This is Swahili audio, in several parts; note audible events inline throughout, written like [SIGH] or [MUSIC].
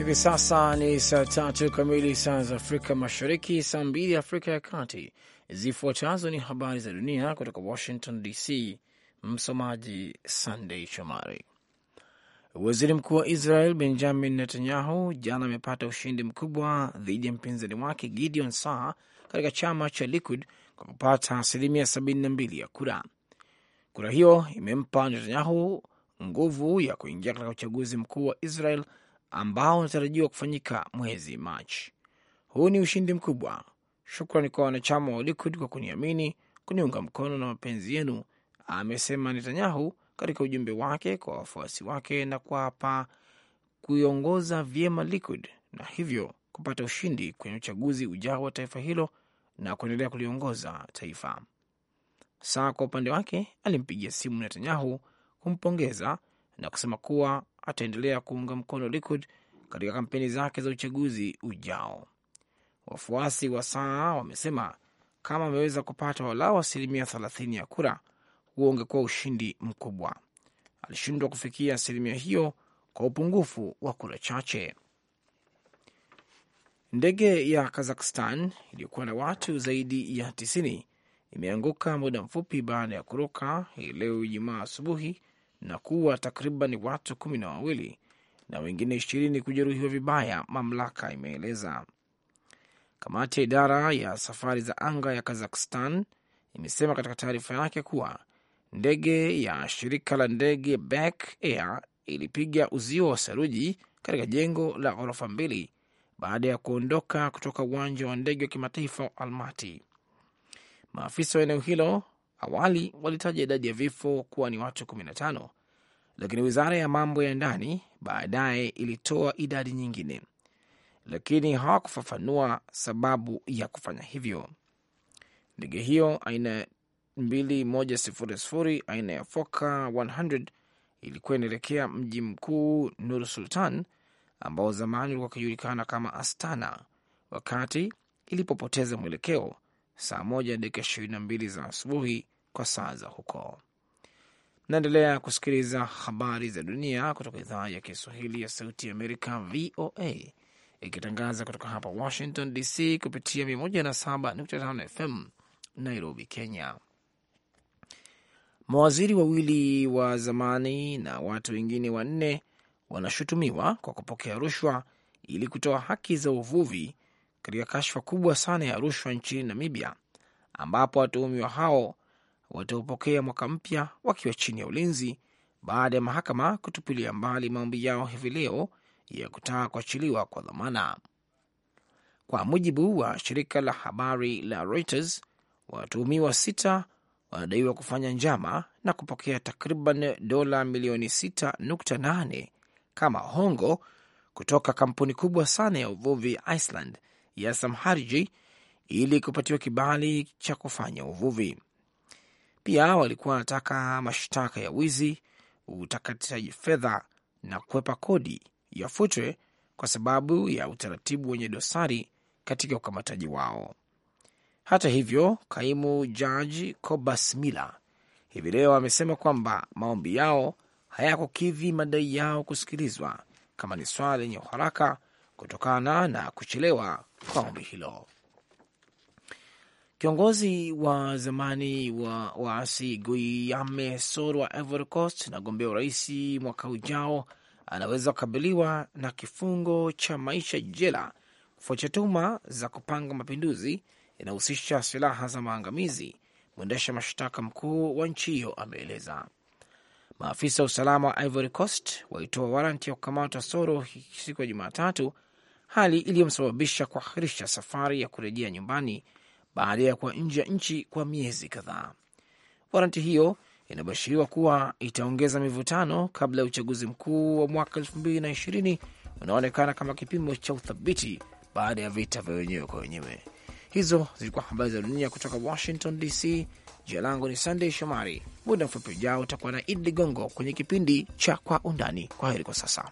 Hivi sasa ni saa tatu kamili saa za Afrika Mashariki, saa mbili Afrika ya Kati. Zifuatazo ni habari za dunia kutoka Washington DC. Msomaji Sandei Shomari. Waziri mkuu wa Israel Benjamin Netanyahu jana amepata ushindi mkubwa dhidi ya mpinzani wake Gideon Saar katika chama cha Likud kwa kupata asilimia 72 ya kura. Kura hiyo imempa Netanyahu nguvu ya kuingia katika uchaguzi mkuu wa Israel ambao unatarajiwa kufanyika mwezi Machi. Huu ni ushindi mkubwa. Shukrani kwa wanachama wa Likud kwa kuniamini, kuniunga mkono na mapenzi yenu, amesema Netanyahu katika ujumbe wake kwa wafuasi wake na kuapa kuiongoza vyema Likud na hivyo kupata ushindi kwenye uchaguzi ujao wa taifa hilo na kuendelea kuliongoza taifa. Saa kwa upande wake alimpigia simu Netanyahu kumpongeza na kusema kuwa ataendelea kuunga mkono Likud katika kampeni zake za uchaguzi ujao. Wafuasi wa Saa wamesema kama ameweza kupata walau asilimia thelathini ya kura, huo ungekuwa ushindi mkubwa. Alishindwa kufikia asilimia hiyo kwa upungufu wa kura chache. Ndege ya Kazakhstan iliyokuwa na watu zaidi ya tisini imeanguka muda mfupi baada ya kuruka hii leo Ijumaa asubuhi na kuwa takriban watu kumi na wawili na wengine ishirini kujeruhiwa vibaya, mamlaka imeeleza. Kamati ya idara ya safari za anga ya Kazakhstan imesema katika taarifa yake kuwa ndege ya shirika la ndege Bek Air ilipiga uzio wa saruji katika jengo la ghorofa mbili baada ya kuondoka kutoka uwanja wa ndege wa kimataifa wa Almati. Maafisa wa eneo hilo Awali walitaja idadi ya vifo kuwa ni watu 15 lakini wizara ya mambo ya ndani baadaye ilitoa idadi nyingine, lakini hawakufafanua sababu ya kufanya hivyo. Ndege hiyo aina 2100 aina ya Fokker 100 ilikuwa inaelekea mji mkuu Nur Sultan ambao zamani ulikuwa ukijulikana kama Astana wakati ilipopoteza mwelekeo saa moja dakika ishirini na mbili za asubuhi kwa saa za huko. Naendelea kusikiliza habari za dunia kutoka idhaa ya Kiswahili ya Sauti ya Amerika, VOA, ikitangaza kutoka hapa Washington DC kupitia 107.5 FM Nairobi, Kenya. Mawaziri wawili wa zamani na watu wengine wanne wanashutumiwa kwa kupokea rushwa ili kutoa haki za uvuvi katika kashfa kubwa sana ya rushwa nchini Namibia, ambapo watuhumiwa hao wataupokea mwaka mpya wakiwa chini ya ulinzi baada ya mahakama kutupilia mbali maombi yao hivi leo ya kutaka kuachiliwa kwa dhamana. Kwa mujibu wa shirika la habari la Reuters, watuhumiwa sita wanadaiwa kufanya njama na kupokea takriban dola milioni 6.8 kama hongo kutoka kampuni kubwa sana ya uvuvi Iceland ya Samharji ili kupatiwa kibali cha kufanya uvuvi. Pia walikuwa wanataka mashtaka ya wizi, utakatishaji fedha na kukwepa kodi yafutwe kwa sababu ya utaratibu wenye dosari katika ukamataji wao. Hata hivyo, kaimu jaji Cobus Miller hivi leo amesema kwamba maombi yao hayakukidhi madai yao kusikilizwa kama ni swala lenye uharaka kutokana na kuchelewa kwa ombi hilo. Kiongozi wa zamani wa waasi Guillaume Soro wa Ivory Coast na gombea urais mwaka ujao anaweza kukabiliwa na kifungo cha maisha jela kufuatia tuhuma za kupanga mapinduzi yanayohusisha silaha za maangamizi. Mwendesha mashtaka mkuu wa nchi hiyo ameeleza. Maafisa wa usalama wa Ivory Coast walitoa waranti ya kukamata Soro siku ya Jumatatu hali iliyomsababisha kuahirisha safari ya kurejea nyumbani baada ya kuwa nje ya nchi kwa miezi kadhaa. Waranti hiyo inabashiriwa kuwa itaongeza mivutano kabla ya uchaguzi mkuu wa mwaka 220 unaonekana kama kipimo cha uthabiti baada ya vita vya wenyewe kwa wenyewe. Hizo zilikuwa habari za dunia kutoka Washington DC. Jina langu ni Sandey Shomari. Muda mfupi ujao utakuwa na Idi Ligongo kwenye kipindi cha Kwa Undani. Kwa heri kwa sasa.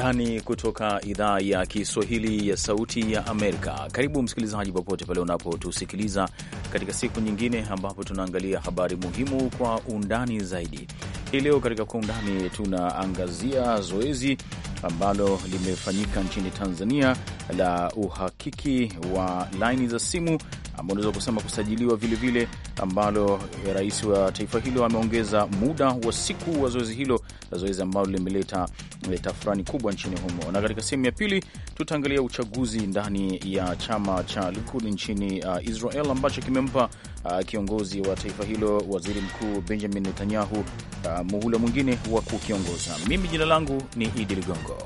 undani kutoka idhaa ya Kiswahili ya Sauti ya Amerika. Karibu msikilizaji, popote pale unapotusikiliza katika siku nyingine ambapo tunaangalia habari muhimu kwa undani zaidi. Hii leo katika kwa undani tunaangazia zoezi ambalo limefanyika nchini Tanzania la uhakiki wa laini za simu ambao unaweza kusema kusajiliwa vilevile vile, ambalo eh, rais wa taifa hilo ameongeza muda wa siku wa zoezi hilo la zoezi ambalo limeleta eh, tafurani kubwa nchini humo. Na katika sehemu ya pili tutaangalia uchaguzi ndani ya chama cha Likud nchini uh, Israel ambacho kimempa uh, kiongozi wa taifa hilo waziri mkuu Benjamin Netanyahu uh, muhula mwingine wa kukiongoza. Mimi jina langu ni Idi Ligongo.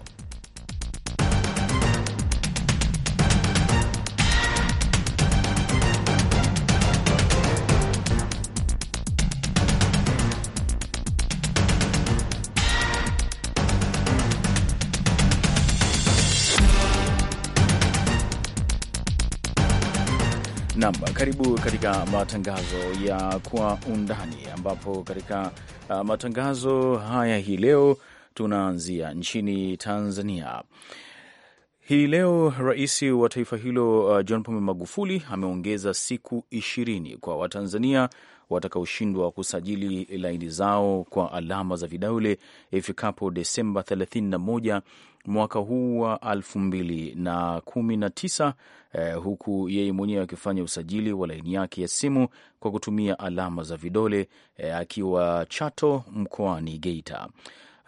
katika matangazo ya Kwa Undani, ambapo katika uh, matangazo haya hii leo tunaanzia nchini Tanzania. Hii leo rais wa taifa hilo uh, John Pombe Magufuli ameongeza siku ishirini kwa Watanzania watakaoshindwa kusajili laini zao kwa alama za vidole ifikapo Desemba 31 mwaka huu wa 2019, eh, huku yeye mwenyewe akifanya usajili wa laini yake ya simu kwa kutumia alama za vidole eh, akiwa Chato mkoani Geita.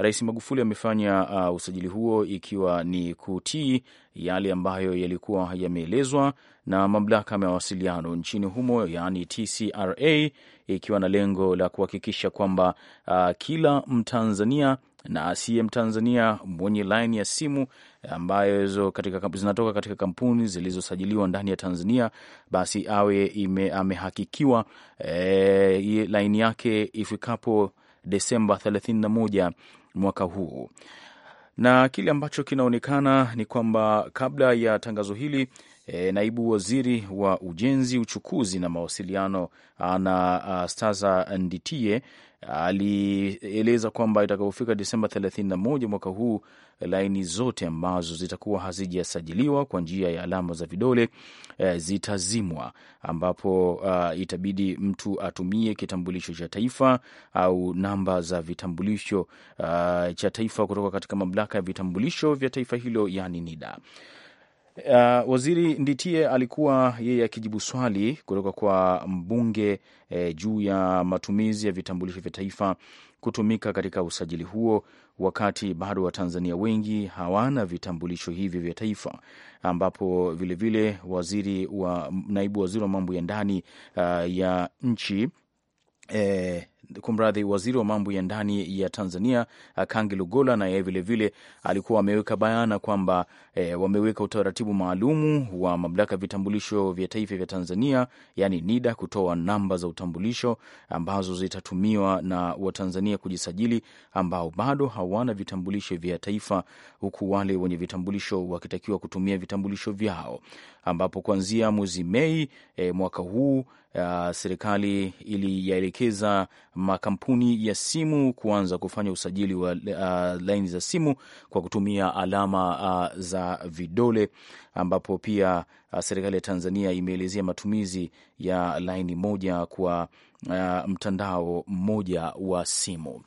Rais Magufuli amefanya uh, usajili huo ikiwa ni kutii yale ambayo yalikuwa yameelezwa na mamlaka ya mawasiliano nchini humo, yaani TCRA, ikiwa na lengo la kuhakikisha kwamba uh, kila Mtanzania na asiye Mtanzania mwenye laini ya simu ambayo katika, zinatoka katika kampuni zilizosajiliwa ndani ya Tanzania basi awe ime, amehakikiwa e, laini yake ifikapo Desemba 31 mwaka huu. Na kile ambacho kinaonekana ni kwamba kabla ya tangazo hili e, naibu waziri wa ujenzi, uchukuzi na mawasiliano na Staza Nditie alieleza kwamba itakapofika Desemba 31 mwaka huu, laini zote ambazo zitakuwa hazijasajiliwa kwa njia ya alama za vidole e, zitazimwa, ambapo a, itabidi mtu atumie kitambulisho cha taifa au namba za vitambulisho cha taifa kutoka katika mamlaka ya vitambulisho vya taifa hilo, yani NIDA. Uh, Waziri Nditie alikuwa yeye akijibu swali kutoka kwa mbunge eh, juu ya matumizi ya vitambulisho vya taifa kutumika katika usajili huo, wakati bado Watanzania wengi hawana vitambulisho hivyo vya taifa, ambapo vilevile vile waziri wa naibu waziri wa mambo ya ndani uh, ya nchi eh, kumradhi, waziri wa mambo ya ndani ya Tanzania Kangi Lugola na yeye vilevile alikuwa ameweka bayana kwamba e, wameweka utaratibu maalumu wa mamlaka ya vitambulisho vya taifa vya Tanzania yani NIDA kutoa namba za utambulisho ambazo zitatumiwa na Watanzania kujisajili ambao bado hawana vitambulisho vya taifa, huku wale wenye vitambulisho wakitakiwa kutumia vitambulisho vyao, ambapo kuanzia mwezi Mei e, mwaka huu Uh, serikali iliyaelekeza makampuni ya simu kuanza kufanya usajili wa uh, laini za simu kwa kutumia alama uh, za vidole, ambapo pia uh, serikali ya Tanzania imeelezea matumizi ya laini moja kwa uh, mtandao mmoja wa simu.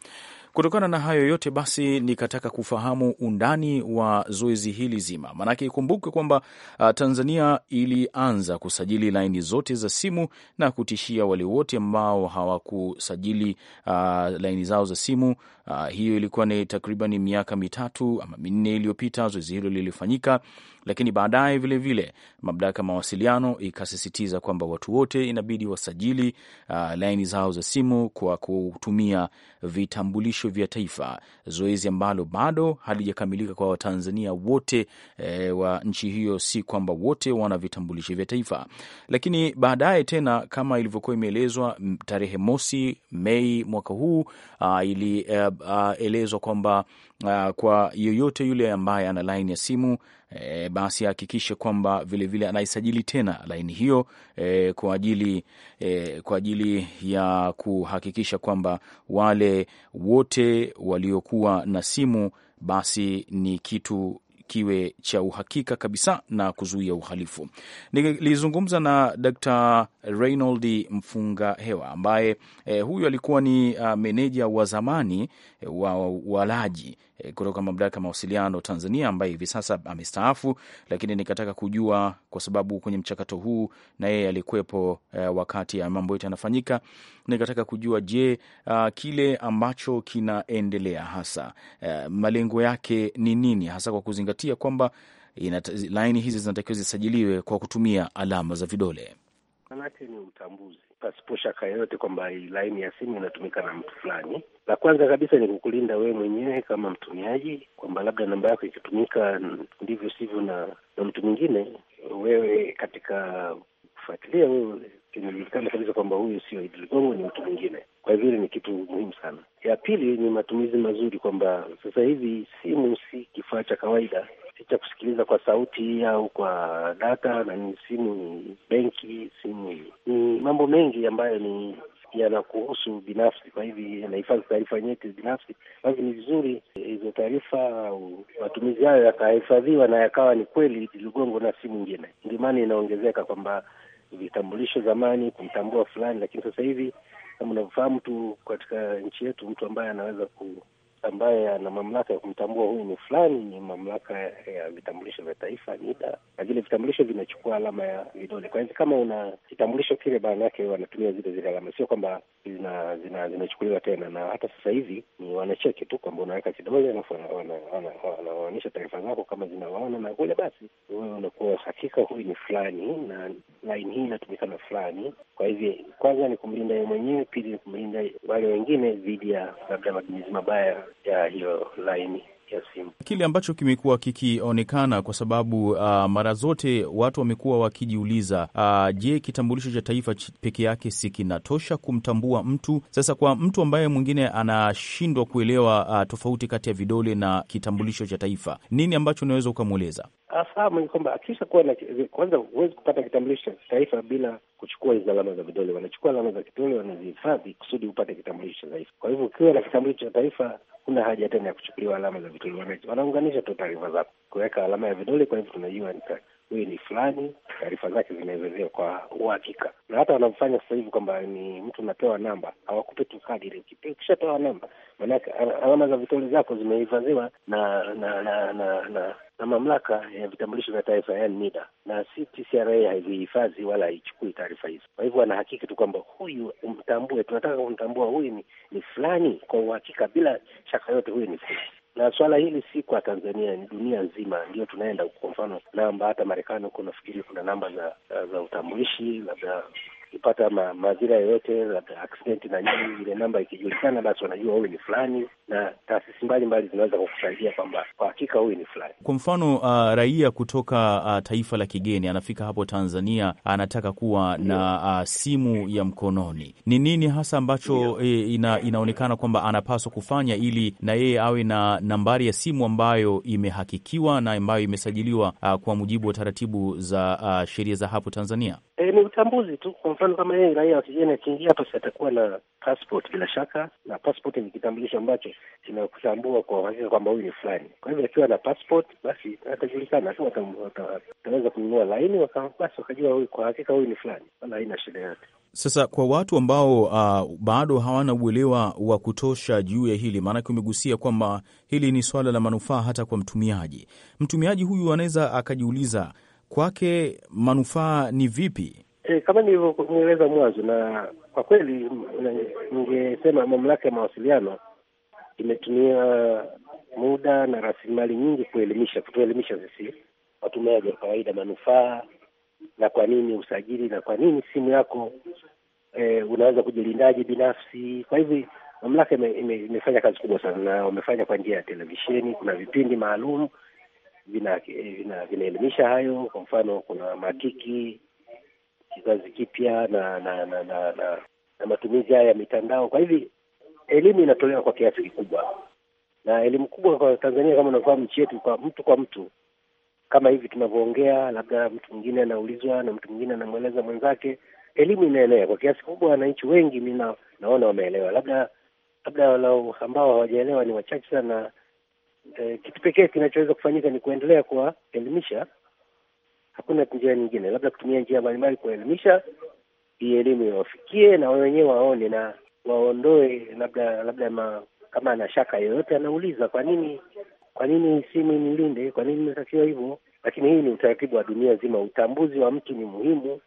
Kutokana na hayo yote basi, nikataka kufahamu undani wa zoezi hili zima, maanake ikumbuke kwamba uh, Tanzania ilianza kusajili laini zote za simu na kutishia wale wote ambao hawakusajili uh, laini zao za simu Uh, hiyo ilikuwa ni takriban miaka mitatu ama minne iliyopita zoezi hilo lilifanyika, lakini baadaye vilevile mamlaka ya mawasiliano ikasisitiza kwamba watu wote inabidi wasajili uh, laini zao za simu kwa kutumia vitambulisho vya taifa, zoezi ambalo bado halijakamilika kwa Watanzania wote e, wa nchi hiyo. Si kwamba wote wana vitambulisho vya taifa, lakini baadaye tena kama ilivyokuwa imeelezwa tarehe mosi Mei mwaka huu uh, ili uh, inaelezwa uh, kwamba uh, kwa yoyote yule ambaye ana laini ya simu e, basi ahakikishe kwamba vilevile anaisajili tena laini hiyo e, kwa ajili e, kwa ajili ya kuhakikisha kwamba wale wote waliokuwa na simu basi ni kitu kiwe cha uhakika kabisa na kuzuia uhalifu. Nilizungumza na Dr. Reynold Mfunga Hewa ambaye eh, huyu alikuwa ni uh, meneja wa zamani eh, wa walaji eh, kutoka Mamlaka ya Mawasiliano Tanzania ambaye hivi sasa amestaafu, lakini nikataka kujua kwa sababu kwenye mchakato huu na yeye alikuwepo eh, wakati ya mambo yote yanafanyika. Nikataka kujua je, uh, kile ambacho kinaendelea hasa eh, malengo yake ni nini hasa kwa kuzingatia kuzingatia kwamba laini hizi zinatakiwa zisajiliwe kwa kutumia alama za vidole. Manake ni utambuzi pasipo shaka yoyote kwamba hii laini ya simu inatumika na mtu fulani. La kwanza kabisa ni kukulinda wewe mwenyewe kama mtumiaji, kwamba labda namba yako ikitumika ndivyo sivyo na, na mtu mwingine, wewe katika kufuatilia wewe inajulikana kabisa kwamba huyu sio Idi Ligongo, ni mtu mwingine. Kwa hivyo hili ni kitu muhimu sana. Ya pili ni matumizi mazuri, kwamba sasa hivi simu kifaa cha kawaida cha kusikiliza kwa sauti au kwa data, na ni simu, ni benki, simu ni mambo mengi ambayo ni yanakuhusu binafsi. Kwa hivi yanahifadhi taarifa nyeti binafsi. Basi ni vizuri hizo taarifa au matumizi hayo yakahifadhiwa na yakawa ni kweli ligongo na simu ingine Ndio maana inaongezeka kwamba vitambulisho zamani kumtambua fulani, lakini sasa hivi kama unavyofahamu tu katika nchi yetu mtu ambaye anaweza ku ambaye ana mamlaka ya kumtambua huyu ni fulani ni mamlaka ya vitambulisho vya taifa NIDA, na vile vitambulisho vinachukua alama ya vidole. Kwa hiyo kama una kitambulisho kile, maana yake wanatumia zile zile alama, sio kwamba zinachukuliwa zina, zina tena na hata sasa hivi ni wanacheki tu kwamba unaweka kidole alafu wanaonyesha taarifa zako kama zinawaona, na kule basi wewe unakuwa hakika huyu ni fulani na laini hii inatumika na fulani. Kwa hivyo kwanza ni kumlinda yeye mwenyewe, pili ni kumlinda wale wengine dhidi ya labda matumizi mabaya ya hiyo laini ya simu. Kile ambacho kimekuwa kikionekana kwa sababu uh, mara zote watu wamekuwa wakijiuliza uh, je, kitambulisho cha taifa peke yake si kinatosha kumtambua mtu? Sasa kwa mtu ambaye mwingine anashindwa kuelewa uh, tofauti kati ya vidole na kitambulisho cha taifa, nini ambacho unaweza ukamweleza? afahamu ni kwamba akisha kuwa na kwanza, huwezi kupata kitambulisho cha taifa bila kuchukua hizi alama za vidole. Wanachukua alama za kidole wanazihifadhi kusudi upate kitambulisho cha taifa. Kwa hivyo ukiwa na kitambulisho cha taifa, kuna haja tena ya kuchukuliwa alama za vidole. Wanaunganisha tu taarifa zako kuweka alama ya vidole, kwa hivyo tunajua huyu ni fulani, taarifa zake zinaelezewa kwa uhakika, na hata wanavyofanya sasa hivi kwamba ni mtu unapewa namba, hawakupi tu kadi ile. Ukishatoa namba, maanake alama za vitole zako zimehifadhiwa na na na na, na na mamlaka ya vitambulisho vya taifa yani NIDA, na si TCRA haizihifadhi wala haichukui taarifa hizo. Kwa hivyo wanahakiki tu kwamba huyu umtambue, tunataka kumtambua huyu ni, ni fulani kwa uhakika, bila shaka yote, huyu ni [LAUGHS] fulani na swala hili si kwa Tanzania, ni dunia nzima ndio tunaenda. Kwa mfano namba, hata Marekani huko nafikiri kuna namba za za utambulishi labda ukipata ma, madhira yoyote aksidenti na nini, ile namba ikijulikana, basi wanajua huyu ni fulani, na taasisi mbalimbali zinaweza kukusaidia kwamba kwa hakika huyu ni fulani. Kwa mfano uh, raia kutoka uh, taifa la kigeni anafika hapo Tanzania, anataka kuwa na uh, simu ya mkononi, ni nini hasa ambacho e, ina, inaonekana kwamba anapaswa kufanya ili na yeye awe na nambari ya simu ambayo imehakikiwa na ambayo imesajiliwa uh, kwa mujibu wa taratibu za uh, sheria za hapo Tanzania? E, ni utambuzi tu. Kwa mfano kama yeye raia wa kigeni akiingia hapa, si atakuwa na passport bila shaka, na passport ni kitambulisho ambacho kinakutambua kwa uhakika kwamba huyu ni fulani. Kwa hivyo akiwa na passport, basi atajulikana tu, wataweza kununua laini, basi wakajua huyu kwa hakika huyu ni fulani, wala haina shida yote. Sasa kwa watu ambao uh, bado hawana uelewa wa kutosha juu ya hili, maanake umegusia kwamba hili ni swala la manufaa hata kwa mtumiaji. Mtumiaji huyu anaweza akajiuliza kwake manufaa ni vipi? E, kama nilivyoeleza mwanzo, na kwa kweli e, ningesema mamlaka ya mawasiliano imetumia muda na rasilimali nyingi kuelimisha, kutuelimisha sisi watumiaji wa kawaida manufaa na kwa nini usajili na kwa nini simu yako e, unaweza kujilindaje binafsi. Kwa hivi mamlaka ime, ime, imefanya kazi kubwa sana, na wamefanya kwa njia ya televisheni. Kuna vipindi maalum vinaelimisha vina, vina hayo. Kwa mfano kuna makiki kizazi kipya na na na, na, na, na matumizi haya ya mitandao. Kwa hivi elimu inatolewa kwa kiasi kikubwa, na elimu kubwa kwa Tanzania kama unavyofahamu, nchi yetu kwa mtu kwa mtu, kama hivi tunavyoongea, labda mtu mwingine anaulizwa na mtu mwingine anamweleza mwenzake, elimu inaenea kwa kiasi kubwa. Wananchi wengi mi naona wameelewa, labda labda walau ambao hawajaelewa ni wachache sana e, kitu pekee kinachoweza kufanyika ni kuendelea kuwaelimisha. Hakuna njia nyingine, labda kutumia njia mbalimbali kuwaelimisha, hii elimu iwafikie na wenyewe waone na waondoe, labda labda ma, kama ana shaka yoyote anauliza, kwa nini kwa nini simu inilinde? Kwa nini inatakiwa hivyo? Lakini hii ni utaratibu wa dunia nzima. Utambuzi wa mtu ni muhimu,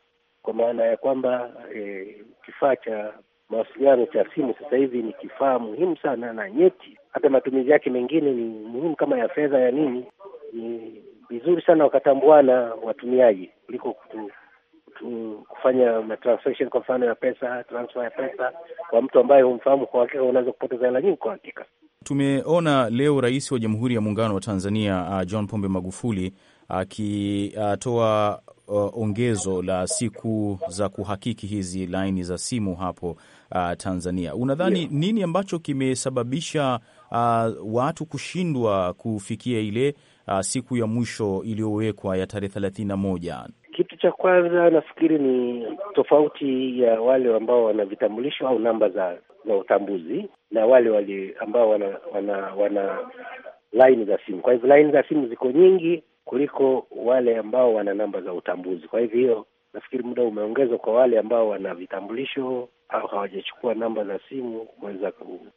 kwa maana ya kwamba e, kifaa cha mawasiliano cha simu sasa hivi ni kifaa muhimu sana na nyeti hata matumizi yake mengine ni muhimu kama ya fedha ya nini. Ni vizuri sana wakatambuana watumiaji kuliko kutu, kutu, kufanya matransaction kwa mfano ya pesa, transfer ya pesa kwa mtu ambaye humfahamu. Kwa hakika unaweza kupoteza hela nyingi kwa hakika. Tumeona leo Rais wa Jamhuri ya Muungano wa Tanzania uh, John Pombe Magufuli akitoa uh, uh, ongezo la siku za kuhakiki hizi laini za simu hapo uh, Tanzania. Unadhani yeah, nini ambacho kimesababisha uh, watu kushindwa kufikia ile uh, siku ya mwisho iliyowekwa ya tarehe thelathini na moja? Kitu cha kwanza nafikiri ni tofauti ya wale ambao wana vitambulisho au namba za, za utambuzi na wale wali ambao wana wana, wana laini za simu. Kwa hivyo laini za simu ziko nyingi kuliko wale ambao wana namba za utambuzi. Kwa hivyo nafikiri muda umeongezwa kwa wale ambao wana vitambulisho au hawajachukua namba za simu kuweza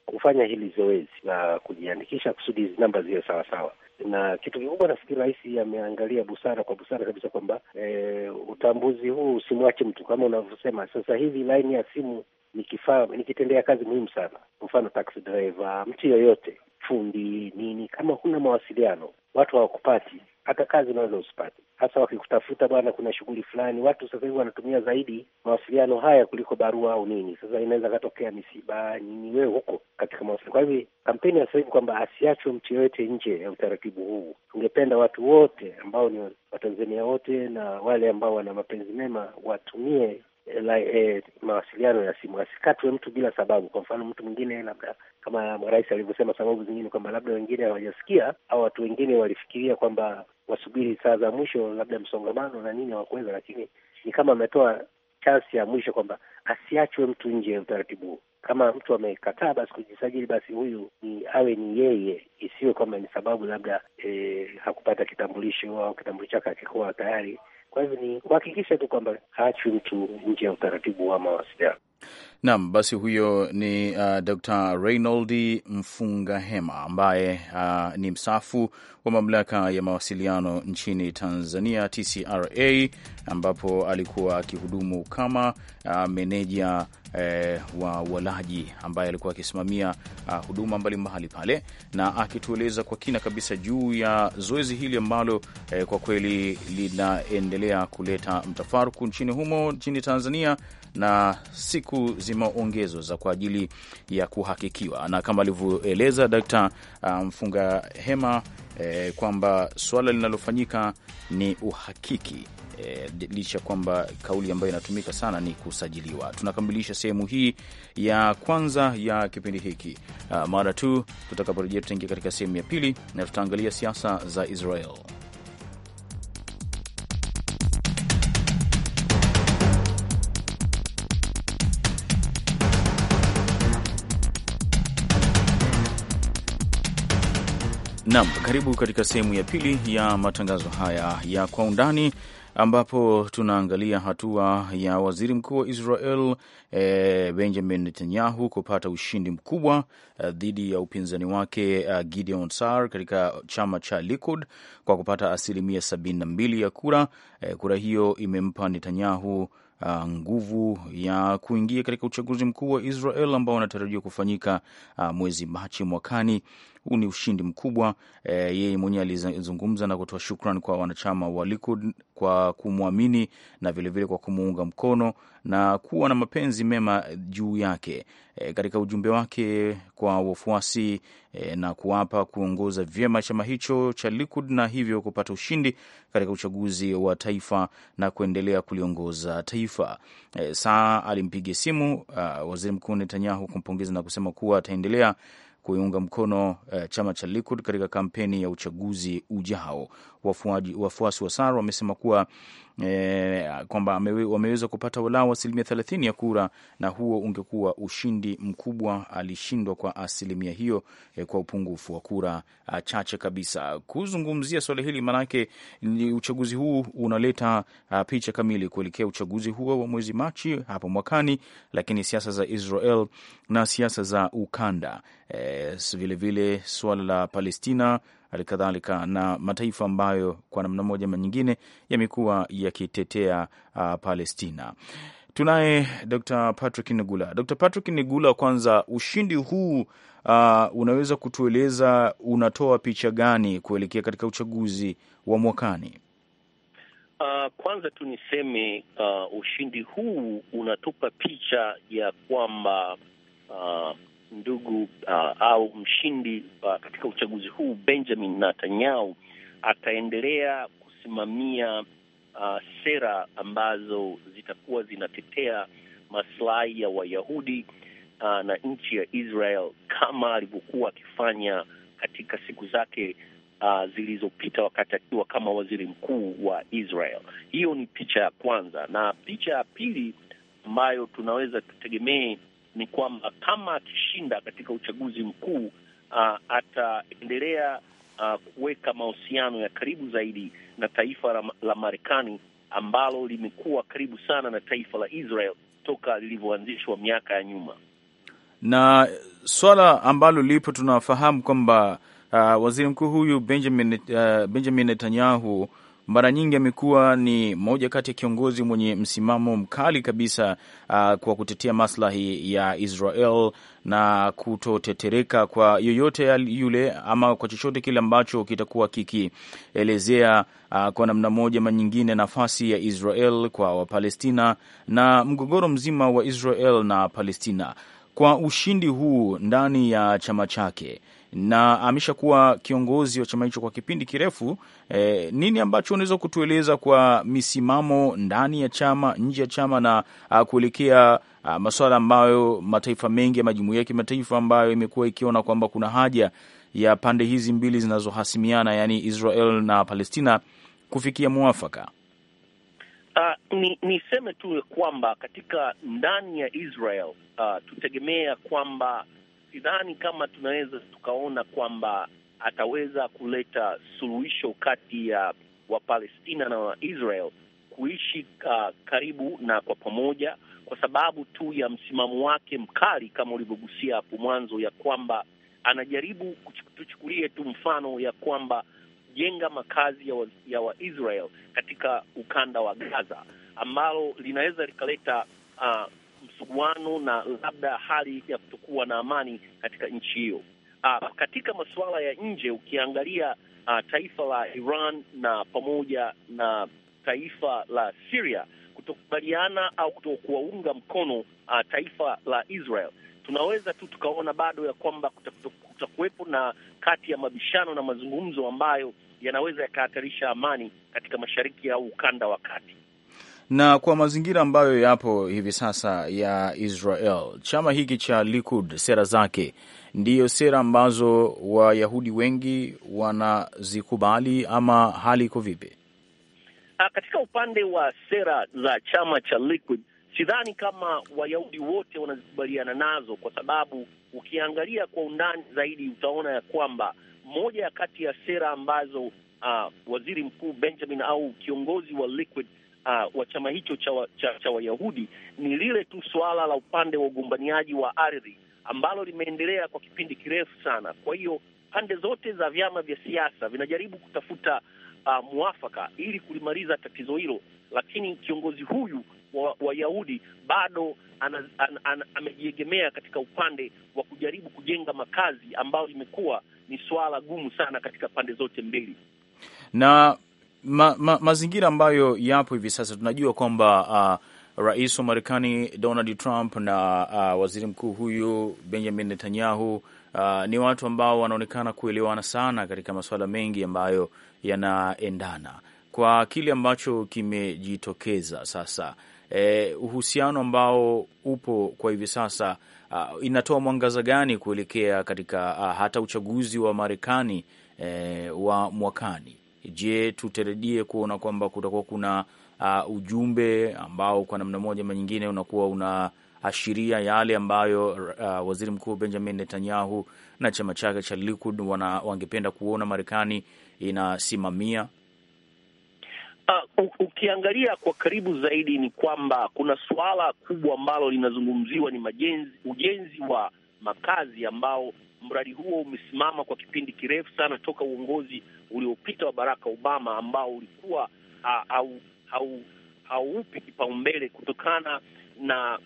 kufanya hili zoezi la kujiandikisha kusudi hizi namba ziwe sawasawa na kitu kikubwa nafikiri rahisi ameangalia busara kwa busara kabisa kwamba e, utambuzi huu usimwache mtu kama unavyosema. Sasa hivi laini ya simu ni kifaa, nikitendea kazi muhimu sana. Mfano taxi driver, mtu yoyote fundi nini, kama huna mawasiliano watu hawakupati, hata kazi unaweza usipati, hasa wakikutafuta, bwana, kuna shughuli fulani. Watu sasa hivi wanatumia zaidi mawasiliano haya kuliko barua au nini. Sasa inaweza katokea misiba nini, wewe huko katika mawasiliano. Kwa hivyo kampeni ya sasa hivi kwamba asiachwe mtu yeyote nje ya utaratibu huu, tungependa watu wote ambao ni Watanzania wote na wale ambao wana mapenzi mema watumie Eh, la, e, eh, mawasiliano ya simu asikatwe mtu bila sababu. Kwa mfano, mtu mwingine labda kama marais alivyosema, sababu zingine kwamba labda wengine hawajasikia au watu wengine walifikiria kwamba wasubiri saa za mwisho, labda msongamano na nini, hawakuweza, lakini ni kama ametoa chansi ya mwisho kwamba asiachwe mtu nje ya utaratibu huu. Kama mtu amekataa basi kujisajili, basi huyu ni awe ni yeye, isiwe kwamba ni sababu labda e, hakupata kitambulisho au kitambulisho chake akikuwa tayari kwa hivyo ni kuhakikisha tu kwamba haachwi mtu nje ya utaratibu wa mawasiliano. Naam, basi huyo ni uh, Dr. Reynold Mfungahema ambaye uh, ni msafu wa mamlaka ya mawasiliano nchini Tanzania TCRA, ambapo alikuwa akihudumu kama uh, meneja eh, wa walaji ambaye alikuwa akisimamia uh, huduma mbalimbali pale, na akitueleza kwa kina kabisa juu ya zoezi hili ambalo eh, kwa kweli linaendelea kuleta mtafaruku nchini humo nchini Tanzania na siku zimeongezwa kwa ajili ya kuhakikiwa, na kama alivyoeleza Dkt. Mfunga Hema eh, kwamba suala linalofanyika ni uhakiki eh, licha kwamba kauli ambayo inatumika sana ni kusajiliwa. Tunakamilisha sehemu hii ya kwanza ya kipindi hiki. Ah, mara tu tutakaporejea tutaingia katika sehemu ya pili na tutaangalia siasa za Israel. Nam, karibu katika sehemu ya pili ya matangazo haya ya kwa undani ambapo tunaangalia hatua ya waziri mkuu wa Israel e, Benjamin Netanyahu kupata ushindi mkubwa eh, dhidi ya upinzani wake eh, Gideon Sar katika chama cha Likud kwa kupata asilimia sabini na mbili ya kura. E, kura hiyo imempa Netanyahu Uh, nguvu ya kuingia katika uchaguzi mkuu wa Israel ambao unatarajiwa kufanyika uh, mwezi Machi mwakani huu ni ushindi mkubwa. E, yeye mwenyewe alizungumza na kutoa shukran kwa wanachama wa Likud kwa kumwamini na vilevile vile kwa kumuunga mkono na kuwa na mapenzi mema juu yake. E, katika ujumbe wake kwa wafuasi e, na kuapa kuongoza vyema chama hicho cha Likud na hivyo kupata ushindi katika uchaguzi wa taifa na kuendelea kuliongoza taifa. E, saa alimpiga simu uh, waziri mkuu Netanyahu kumpongeza na kusema kuwa ataendelea kuiunga mkono uh, chama cha Likud katika kampeni ya uchaguzi ujao wafuasi wa SAR wamesema kuwa e, kwamba wameweza kupata walau asilimia thelathini ya kura na huo ungekuwa ushindi mkubwa. Alishindwa kwa asilimia hiyo e, kwa upungufu wa kura ah, chache kabisa. Kuzungumzia swala hili, maanake uchaguzi huu unaleta a, ah, picha kamili kuelekea uchaguzi huo wa mwezi Machi hapo mwakani, lakini siasa za Israel na siasa za ukanda vilevile, eh, e, suala la Palestina halikadhalika na mataifa ambayo kwa namna moja ama nyingine yamekuwa yakitetea uh, Palestina. Tunaye Dr. Patrick Nigula. Dr. Patrick Nigula, kwanza ushindi huu uh, unaweza kutueleza unatoa picha gani kuelekea katika uchaguzi wa mwakani? Uh, kwanza tu niseme uh, ushindi huu unatupa picha ya kwamba uh, ndugu uh, au mshindi uh, katika uchaguzi huu Benjamin Netanyahu ataendelea kusimamia uh, sera ambazo zitakuwa zinatetea maslahi ya Wayahudi uh, na nchi ya Israel kama alivyokuwa akifanya katika siku zake uh, zilizopita wakati akiwa kama waziri mkuu wa Israel. Hiyo ni picha ya kwanza, na picha ya pili ambayo tunaweza tutegemee ni kwamba kama akishinda katika uchaguzi mkuu uh, ataendelea uh, kuweka mahusiano ya karibu zaidi na taifa la, la Marekani ambalo limekuwa karibu sana na taifa la Israel toka lilivyoanzishwa miaka ya nyuma, na swala ambalo lipo tunafahamu kwamba uh, waziri mkuu huyu Benjamin, uh, Benjamin Netanyahu mara nyingi amekuwa ni moja kati ya kiongozi mwenye msimamo mkali kabisa uh, kwa kutetea maslahi ya Israel na kutotetereka kwa yoyote yule ama kwa chochote kile ambacho kitakuwa kikielezea uh, kwa namna moja ama nyingine nafasi ya Israel kwa Wapalestina na mgogoro mzima wa Israel na Palestina. Kwa ushindi huu ndani ya chama chake na ameshakuwa kiongozi wa chama hicho kwa kipindi kirefu. E, nini ambacho unaweza kutueleza kwa misimamo ndani ya chama, nje ya chama na ah, kuelekea ah, masuala ambayo mataifa mengi ama jumuiya ya kimataifa ambayo imekuwa ikiona kwamba kuna haja ya pande hizi mbili zinazohasimiana, yaani Israel na Palestina kufikia mwafaka? Uh, ni niseme tu kwamba katika ndani ya Israel uh, tutegemea kwamba sidhani kama tunaweza tukaona kwamba ataweza kuleta suluhisho kati ya Wapalestina na Waisrael kuishi uh, karibu na kwa pamoja kwa sababu tu ya msimamo wake mkali kama ulivyogusia hapo mwanzo, ya kwamba anajaribu, tuchukulie tu mfano ya kwamba jenga makazi ya Waisrael wa katika ukanda wa Gaza ambalo linaweza likaleta uh, msuguano na labda hali ya kutokuwa na amani katika nchi hiyo. Uh, katika masuala ya nje ukiangalia uh, taifa la Iran na pamoja na taifa la Syria kutokubaliana au kutokuwaunga mkono uh, taifa la Israel, tunaweza tu tukaona bado ya kwamba kutakuwepo na kati ya mabishano na mazungumzo ambayo yanaweza yakahatarisha amani katika mashariki au ukanda wa kati na kwa mazingira ambayo yapo hivi sasa ya Israel, chama hiki cha Likud sera zake ndiyo sera ambazo Wayahudi wengi wanazikubali ama hali iko vipi? Ah, katika upande wa sera za chama cha Likud, sidhani kama Wayahudi wote wanazikubaliana nazo, kwa sababu ukiangalia kwa undani zaidi utaona ya kwamba moja ya kati ya sera ambazo uh, waziri mkuu Benjamin au kiongozi wa Likud uh, wa chama hicho cha, cha, cha Wayahudi ni lile tu suala la upande wa ugombaniaji wa ardhi ambalo limeendelea kwa kipindi kirefu sana. Kwa hiyo pande zote za vyama vya siasa vinajaribu kutafuta uh, mwafaka ili kulimaliza tatizo hilo, lakini kiongozi huyu wa Wayahudi bado ana, an, an, amejiegemea katika upande wa kujaribu kujenga makazi ambayo imekuwa ni swala gumu sana katika pande zote mbili na ma, ma, mazingira ambayo yapo hivi sasa tunajua kwamba uh, Rais wa Marekani Donald Trump na uh, waziri mkuu huyu Benjamin Netanyahu uh, ni watu ambao wanaonekana kuelewana sana katika masuala mengi ambayo yanaendana kwa kile ambacho kimejitokeza sasa. Eh, uhusiano ambao upo kwa hivi sasa uh, inatoa mwangaza gani kuelekea katika uh, hata uchaguzi wa Marekani eh, wa mwakani? Je, tutarajie kuona kwamba kutakuwa kuna uh, ujumbe ambao kwa namna moja ama nyingine unakuwa una ashiria yale ambayo uh, waziri mkuu Benjamin Netanyahu na chama chake cha Likud wana, wangependa kuona Marekani inasimamia. Uh, ukiangalia kwa karibu zaidi ni kwamba kuna suala kubwa ambalo linazungumziwa ni majenzi, ujenzi wa makazi ambao mradi huo umesimama kwa kipindi kirefu sana toka uongozi uliopita wa Barack Obama ambao ulikuwa hauupi kipaumbele kutokana na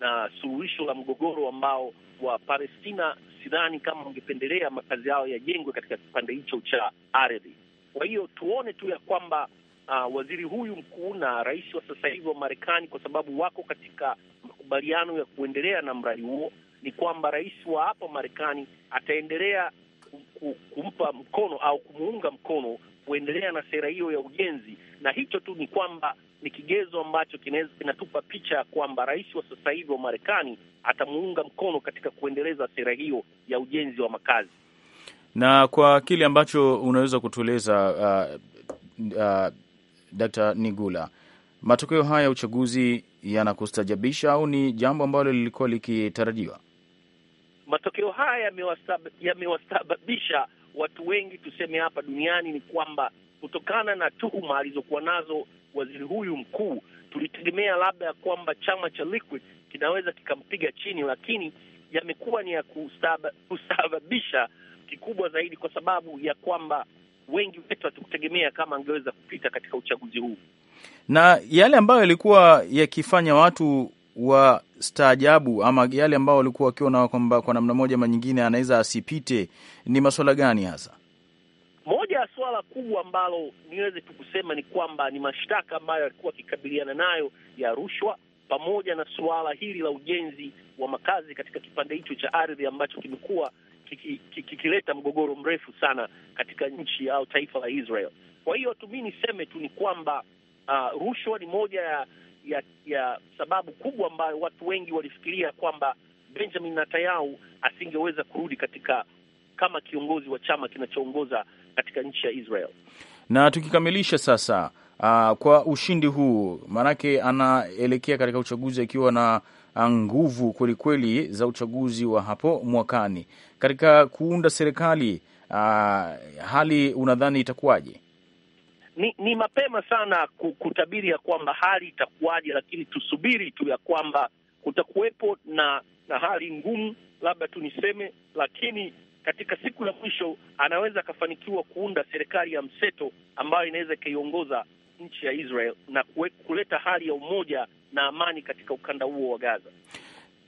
na suluhisho la mgogoro ambao wa Palestina sidhani kama wangependelea makazi yao yajengwe katika kipande hicho cha ardhi. Kwa hiyo tuone tu ya kwamba uh, waziri huyu mkuu na rais wa sasa hivi wa Marekani, kwa sababu wako katika makubaliano ya kuendelea na mradi huo, ni kwamba rais wa hapa Marekani ataendelea kumpa mkono au kumuunga mkono kuendelea na sera hiyo ya ujenzi, na hicho tu ni kwamba ni kigezo ambacho kinatupa picha ya kwamba rais wa sasa hivi wa Marekani atamuunga mkono katika kuendeleza sera hiyo ya ujenzi wa makazi. Na kwa kile ambacho unaweza kutueleza uh, uh, Dkt. Nigula, matokeo haya ya uchaguzi yanakustajabisha au ni jambo ambalo lilikuwa likitarajiwa? Matokeo haya yamewasababisha watu wengi, tuseme hapa duniani, ni kwamba kutokana na tuhuma alizokuwa nazo waziri huyu mkuu, tulitegemea labda ya kwamba chama cha Liquid kinaweza kikampiga chini, lakini yamekuwa ni ya kusababisha kikubwa zaidi, kwa sababu ya kwamba wengi wetu hatukutegemea kama angeweza kupita katika uchaguzi huu, na yale ambayo yalikuwa yakifanya watu wastaajabu ama yale ambao walikuwa wakiona kwamba kwa namna moja ama nyingine anaweza asipite, ni masuala gani hasa? Moja ya suala kubwa ambalo niweze tu kusema ni kwamba ni mashtaka ambayo alikuwa akikabiliana nayo ya rushwa, pamoja na suala hili la ujenzi wa makazi katika kipande hicho cha ardhi ambacho kimekuwa kikileta mgogoro mrefu sana katika nchi au taifa la Israel. Kwa hiyo tu mi niseme tu ni kwamba uh, rushwa ni moja ya ya, ya sababu kubwa ambayo watu wengi walifikiria kwamba Benjamin Netanyahu asingeweza kurudi katika kama kiongozi wa chama kinachoongoza katika nchi ya Israel. Na tukikamilisha sasa, uh, kwa ushindi huu, maanake anaelekea katika uchaguzi akiwa na uh, nguvu kwelikweli za uchaguzi wa hapo mwakani, katika kuunda serikali uh, hali unadhani itakuwaje? ni, ni mapema sana kutabiri ya kwamba hali itakuwaje, lakini tusubiri tu ya kwamba kutakuwepo na, na hali ngumu, labda tu niseme, lakini katika siku ya mwisho anaweza akafanikiwa kuunda serikali ya mseto ambayo inaweza ikaiongoza nchi ya Israel na kue, kuleta hali ya umoja na amani katika ukanda huo wa Gaza.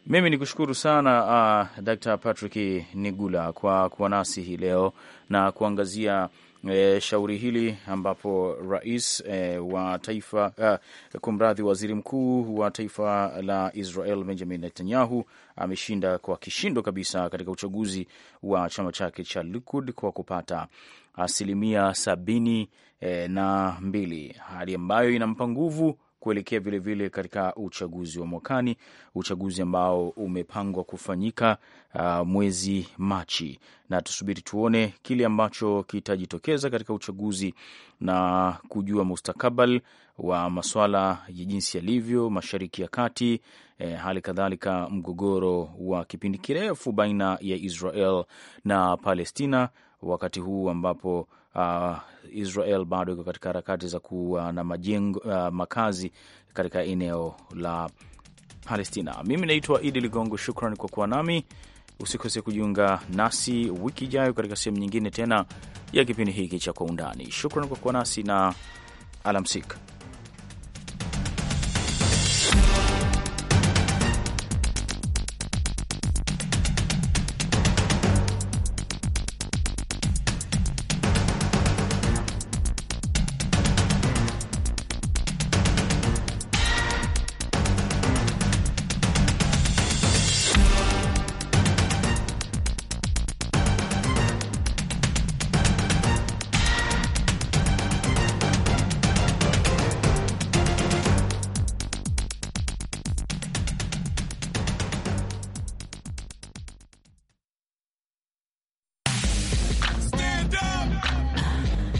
Mimi ni kushukuru sana uh, Dr. Patrick Nigula kwa kuwa nasi hii leo na kuangazia e, shauri hili ambapo rais e, wa taifa uh, kumradhi, waziri mkuu wa taifa la Israel Benjamin Netanyahu ameshinda kwa kishindo kabisa katika uchaguzi wa chama chake cha Likud kwa kupata asilimia sabini e, na mbili, hali ambayo inampa nguvu kuelekea vilevile katika uchaguzi wa mwakani, uchaguzi ambao umepangwa kufanyika uh, mwezi Machi, na tusubiri tuone kile ambacho kitajitokeza katika uchaguzi na kujua mustakabali wa maswala ya jinsi yalivyo Mashariki ya Kati, eh, hali kadhalika mgogoro wa kipindi kirefu baina ya Israel na Palestina wakati huu ambapo uh, Israel bado iko katika harakati za kuwa na majengo, uh, makazi katika eneo la Palestina. Mimi naitwa Idi Ligongo, shukran kwa kuwa nami. Usikose kujiunga nasi wiki ijayo katika sehemu nyingine tena ya kipindi hiki cha Kwa Undani. Shukran kwa kuwa nasi na alamsika.